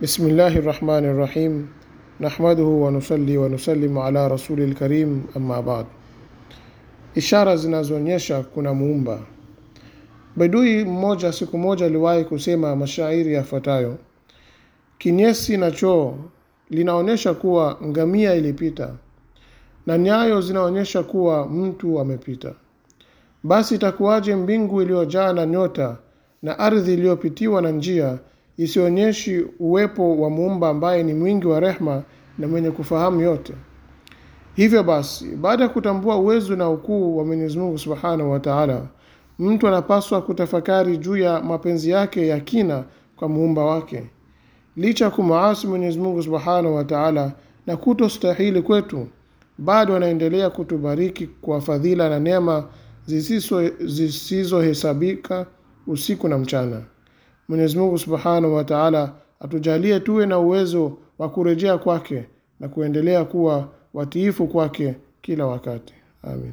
Bismillahi rahmani rahim nahmaduhu wanusali wanusalimu ala rasuli lkarim amma baad. Ishara zinazoonyesha kuna muumba. Bedui mmoja siku moja aliwahi kusema mashairi yafuatayo: kinyesi na choo linaonyesha kuwa ngamia ilipita, na nyayo zinaonyesha kuwa mtu amepita. Basi itakuwaje mbingu iliyojaa na nyota na ardhi iliyopitiwa na njia isionyeshi uwepo wa muumba ambaye ni mwingi wa rehma na mwenye kufahamu yote hivyo basi baada ya kutambua uwezo na ukuu wa mwenyezi mungu subhanahu wa taala mtu anapaswa kutafakari juu ya mapenzi yake ya kina kwa muumba wake licha ya kumaasi mwenyezi mungu subhanahu wa taala na kutostahili kwetu bado anaendelea kutubariki kwa fadhila na neema zisizohesabika zisizo usiku na mchana Mwenyezi Mungu Subhanahu wa Ta'ala atujalie tuwe na uwezo wa kurejea kwake na kuendelea kuwa watiifu kwake kila wakati. Amin.